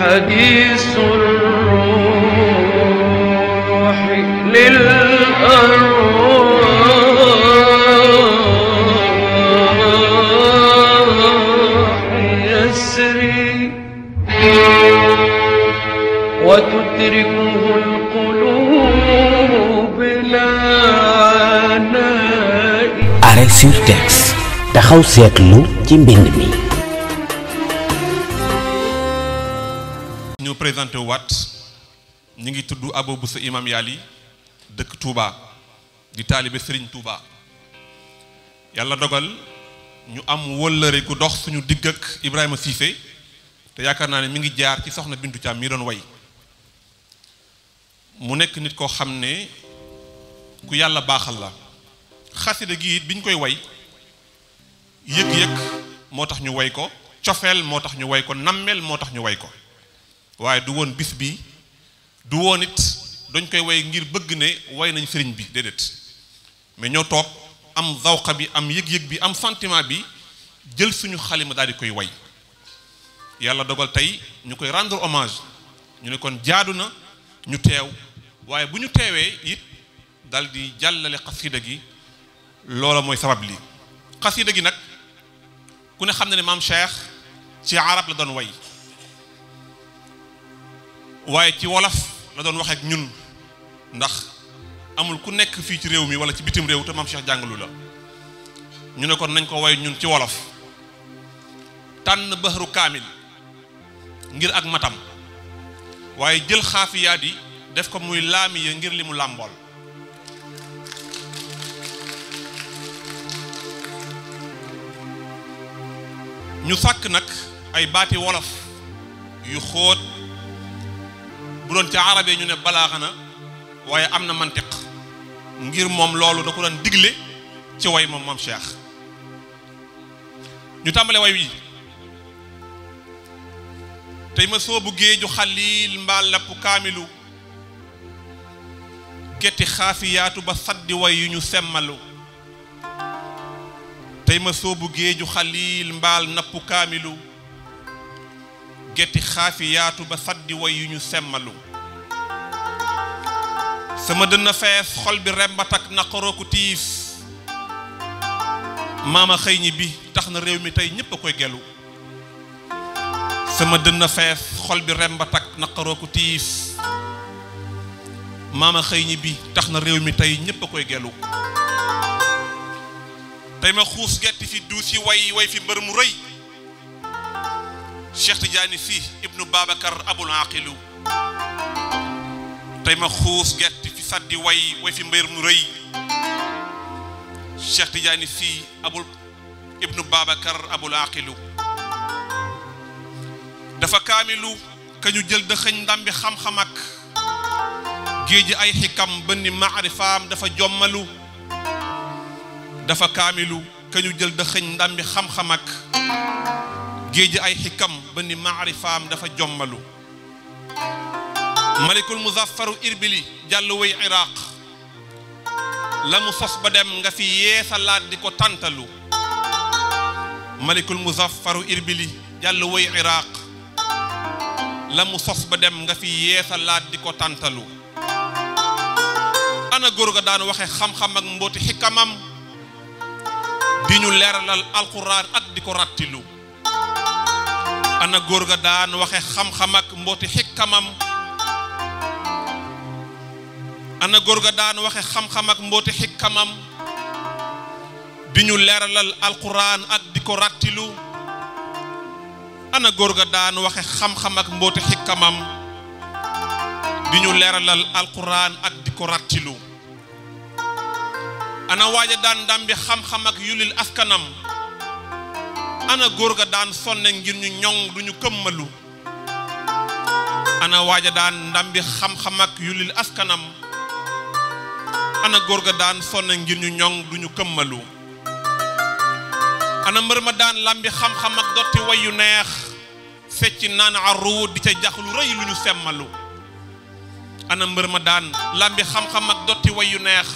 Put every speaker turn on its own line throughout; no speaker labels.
حديث الروح للأرواح يسري وتدركه القلوب لا عناء arrêt sur texte taxaw seetlu ci mbind mi présenté waat ñu ngi tudd Abo sa Imam Yaali dëkk Touba di taalibe sëriñ Touba yàlla dogal ñu am wëllëre gu dox suñu digg ak Ibrahima Cissé te yaakaar naa ne mi ngi jaar ci soxna Bintu Thiam mi doon way mu nekk nit koo xam ne ku yàlla baaxal la xasida gi biñ koy way yëg-yëg moo tax ñu way ko cofeel moo tax ñu way ko nammeel moo tax ñu way ko waaye du woon bis bi du woon it dañ koy way ngir bëgg ne way nañ sëriñ bi déedéet mais ñoo toog am zawqa bi am yëg-yëg bi am sentiment bi jël suñu xalima daal di koy woy yàlla dogal tey ñu koy rendre hommage ñu ne kon jaadu na ñu teew waaye bu ñu teewee it dal di jàllale xasida gi loola mooy sabab lii xasida gi nag ku ne xam ne ne maam Cheikh ci arab la doon woy waaye ci wolof la doon wax ñun ndax amul ku nekk fii ci réew mi wala ci bitim réew te maam Cheikh jàngalu la ñu ne kon nañ ko way ñun ci wolof tànn baxaru kaamil ngir ak matam waaye jël xaafiyaat yi def ko muy laami ya ngir li mu làmbool ñu sàkk nag ay baati wolof yu xóot doon ca arabee ñu ne balaaxa am na mantiq moom loolu da ko digle ci way moom ñu tàmbale way wi tey ma soobu géeju xaliil mbaa lapp kaamilu getti xaafiyaatu ba saddi way yu ñu semmalu tey ma soobu géeju xaliil mbaal nappu kaamilu getti xaafiyaatu ba saddi way yu ñu semmalu sama dënn fees xol bi rembat ak naqaroo ku tiis maama xëy ñi bi tax na réew mi tey ñépp a koy gelu sama dënn fees xol bi rembat ak naqaroo ku tiis maama xëy ñi bi tax na réew mi tey ñépp a koy gelu tey ma xuus getti fi duus yi way way fi mbër mu rëy Cheikh Tidiane si ibnu Babacar abul aqilu tey ma xuus getti saddi way way fi mbéyar mu rëy Cheikh Tidiane si abul ibnu Babacar abul aqilu dafa kaamilu ka ñu jël dëxëñ ndambi xam-xam ak géeji ay xikam bënni maarifaam dafa jommalu dafa kaamilu ka ñu jël dëxëñ ndambi xam-xam ak géeji ay xikam bënni maarifaam dafa jommalu malikul muzaffaru irbili jàll way iraq la mu sos ba dem nga fi yeesalaat di ko tàntalu malikul muzaffaru irbili jàll way iraq la mu sos ba dem nga fi laat di ko tàntalu ana góor ga daan waxe xam-xam ak mbooti xikkamam di ñu leeralal alquran ak di ko rattilu ana góor ga daan waxe xam-xam ak mbooti xikkamam ana góor ga daan waxe xam-xam ak mbooti xikkamam bi ñu leeralal alquran ak di ko rattilu ana góor ga daan waxe xam-xam ak mbooti xikkamam bi ñu leeralal alquran ak di ko rattilu ana waaja daan dam bi xam-xam ak yulil askanam ana góor ga daan sonne ngir ñu ñoŋ duñu këmmalu ana waaja daan ndam bi xam-xam ak yulil askanam ana góor ga daan sonn ngir ñu ñoŋ du ñu këmmalu ana mbër ma daan làmbi xam-xam ak dotti way neex fecc naan aruud di ca jax lu rëy mbër ma daan làmbi xam ak dotti yu neex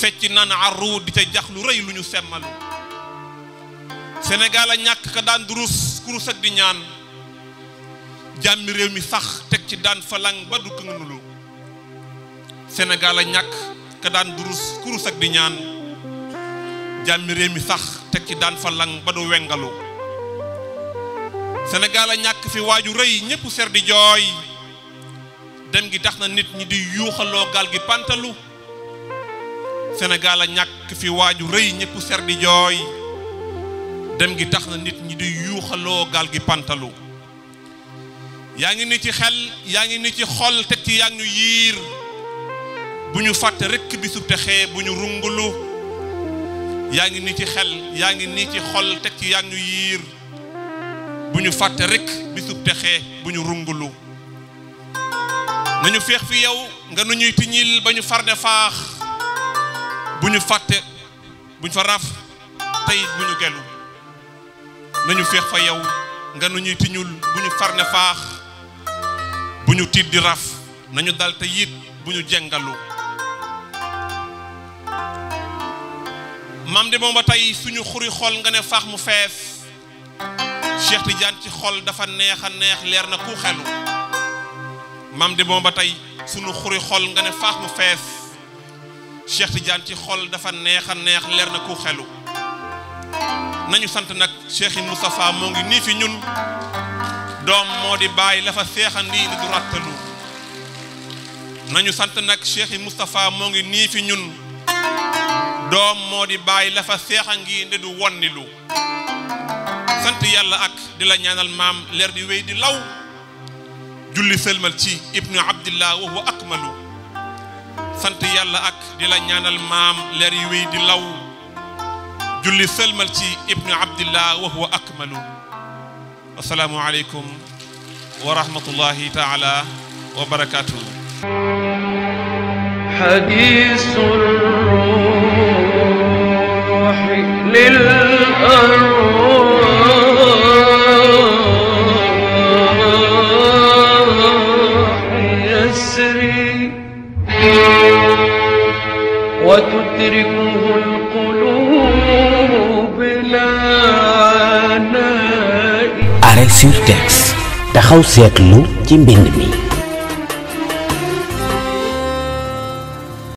fecc naan aruud di ca jax lu rëy lu ñu semmalu Sénégal a ñàkk ka daan durus kurus di ñaan jàmmi réew mi sax teg ci daan falang ba du këngnulu senegaal a ñàkk ka daan durus kurus ak di ñaan jàmmi réew mi sax teg ci daan fa lang ba du wengalu Sénégal a ñàkk fi waaju rëy ñëpp ser di jooy dem gi tax na nit ñi di yuuxaloo gaal gi pantalu Sénégal a ñàkk rëy ñëpp ser di jooy dem gi tax na nit ñi di yuuxaloo gaal gi pantalu yaa ngi ni ci xel yaa ngi ni ci xol teg ci yaa ngi ñu yiir bu ñu fàtte rekk bisub te xee bu ñu rungulu yaa ngi nii ci xel yaa ngi nii ci xol teg ci yaa ngi ñu yiir bu ñu fàtte rekk bisub te xee bu ñu rungulu nañu feex fi yow nga ñuy tiñil ba ñu faax bu ñu fàtte bu tey bu ñu feex fa yow nga nu ñuy tiñul bu ñu far faax bu ñu tiit di raf nañu dal te yit bu ñu jengalu mam di moom ba tey suñu xuri xol nga ne faax mu fees Cheikh Tidiane ci xol dafa neex a neex leer na ku xelu mam ba tey suñu xuri xol nga ne faax mu fees Cheikh Tidiane ci xol dafa neex a neex leer na ku xelu nañu sant nag Cheikh Moustapha mu ngi nii fi ñun doom moo di bàyyi la fa seexandi ni du rattalu nañu sant nag Cheikh Moustapha moo ngi nii fi ñun doom moo di bàyyi la fa seexa ngi nde du wonnilu sant yàlla ak di la ñaanal maam leer di wéy di law julli sëlmal ci ibnu abdillah wa huwa akmalu sant yàlla ak di la ñaanal maam leer yi wéy di law julli sëlmal ci ibnu abdillah wa huwa akmalu assalaamu aleykum wa rahmatullahi taala wa barakaatuhu تدركه القلوب لا عناء arrêt sur texte taxaw seetlu ci mbind mi